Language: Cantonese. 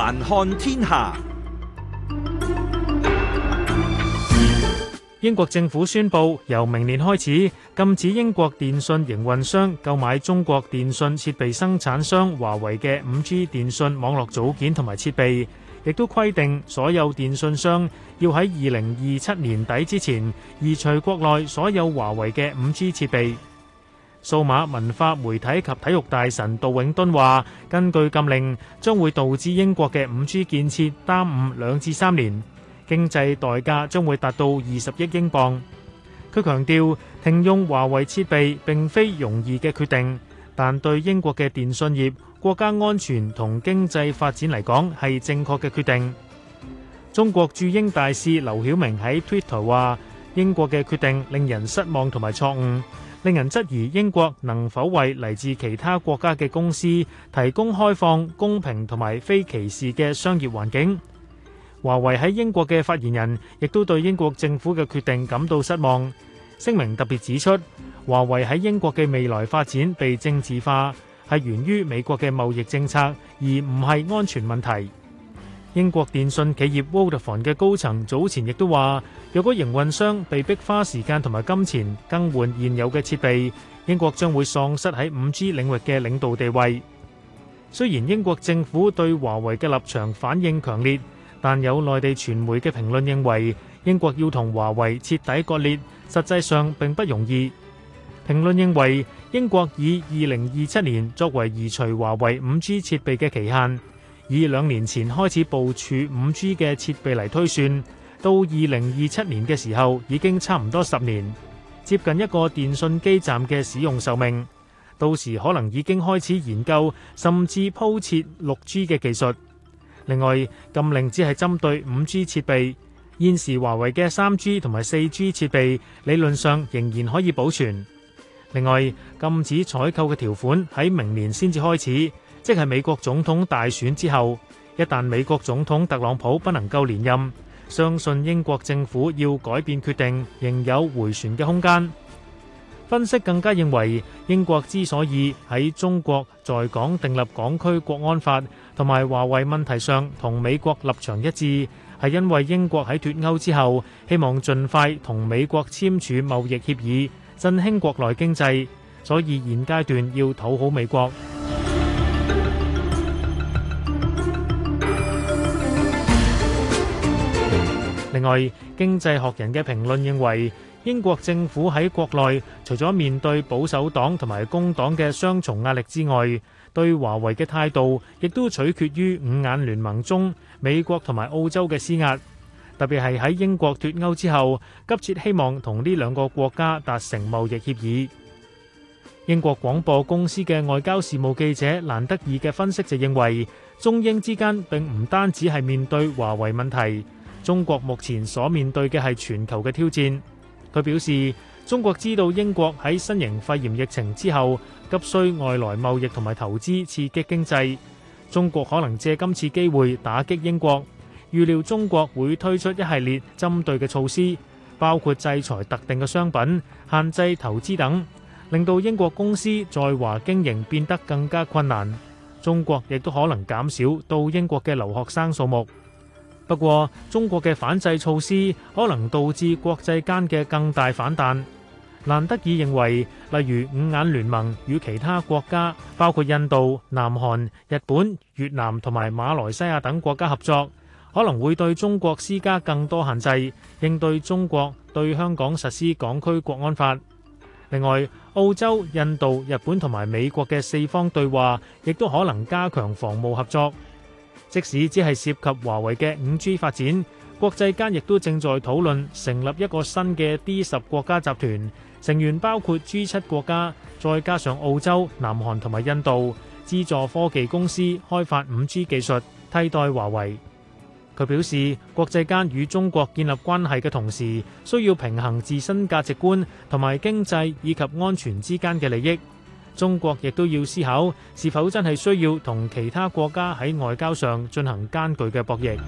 環看天下，英國政府宣布，由明年開始，禁止英國電信營運商購買中國電信設備生產商華為嘅五 G 電信網絡組件同埋設備，亦都規定所有電信商要喺二零二七年底之前移除國內所有華為嘅五 G 設備。數碼文化媒體及體育大臣杜永敦話：根據禁令，將會導致英國嘅五 G 建設耽誤兩至三年，經濟代價將會達到二十億英鎊。佢強調，停用華為設備並非容易嘅決定，但對英國嘅電信業、國家安全同經濟發展嚟講係正確嘅決定。中國駐英大使劉曉明喺 Twitter 話。英國嘅決定令人失望同埋錯誤，令人質疑英國能否為嚟自其他國家嘅公司提供開放、公平同埋非歧視嘅商業環境。華為喺英國嘅發言人亦都對英國政府嘅決定感到失望。聲明特別指出，華為喺英國嘅未來發展被政治化，係源於美國嘅貿易政策，而唔係安全問題。英國電信企業沃達豐嘅高層早前亦都話，若果營運商被逼花時間同埋金錢更換現有嘅設備，英國將會喪失喺五 G 領域嘅領導地位。雖然英國政府對華為嘅立場反應強烈，但有內地傳媒嘅評論認為，英國要同華為徹底割裂，實際上並不容易。評論認為，英國以二零二七年作為移除華為五 G 設備嘅期限。以兩年前開始部署五 G 嘅設備嚟推算，到二零二七年嘅時候已經差唔多十年，接近一個電訊基站嘅使用壽命。到時可能已經開始研究甚至鋪設六 G 嘅技術。另外，禁令只係針對五 G 設備，現時華為嘅三 G 同埋四 G 設備理論上仍然可以保存。另外，禁止採購嘅條款喺明年先至開始。即係美國總統大選之後，一旦美國總統特朗普不能夠連任，相信英國政府要改變決定，仍有回旋嘅空間。分析更加認為，英國之所以喺中國在港訂立港區國安法同埋華為問題上同美國立場一致，係因為英國喺脱歐之後，希望盡快同美國簽署貿易協議，振興國內經濟，所以現階段要討好美國。另外，經濟學人嘅評論認為，英國政府喺國內除咗面對保守黨同埋工黨嘅雙重壓力之外，對華為嘅態度亦都取決於五眼聯盟中美國同埋澳洲嘅施壓。特別係喺英國脱歐之後，急切希望同呢兩個國家達成貿易協議。英國廣播公司嘅外交事務記者蘭德爾嘅分析就認為，中英之間並唔單止係面對華為問題。中國目前所面對嘅係全球嘅挑戰。佢表示，中國知道英國喺新型肺炎疫情之後，急需外來貿易同埋投資刺激經濟。中國可能借今次機會打擊英國，預料中國會推出一系列針對嘅措施，包括制裁特定嘅商品、限制投資等，令到英國公司在華經營變得更加困難。中國亦都可能減少到英國嘅留學生數目。不過，中國嘅反制措施可能導致國際間嘅更大反彈。蘭德爾認為，例如五眼聯盟與其他國家，包括印度、南韓、日本、越南同埋馬來西亞等國家合作，可能會對中國施加更多限制，應對中國對香港實施港區國安法。另外，澳洲、印度、日本同埋美國嘅四方對話，亦都可能加強防務合作。即使只係涉及華為嘅五 G 發展，國際間亦都正在討論成立一個新嘅 D 十國家集團，成員包括 G 七國家，再加上澳洲、南韓同埋印度，資助科技公司開發五 G 技術，替代華為。佢表示，國際間與中國建立關係嘅同時，需要平衡自身價值觀同埋經濟以及安全之間嘅利益。中國亦都要思考，是否真係需要同其他國家喺外交上進行艱巨嘅博弈。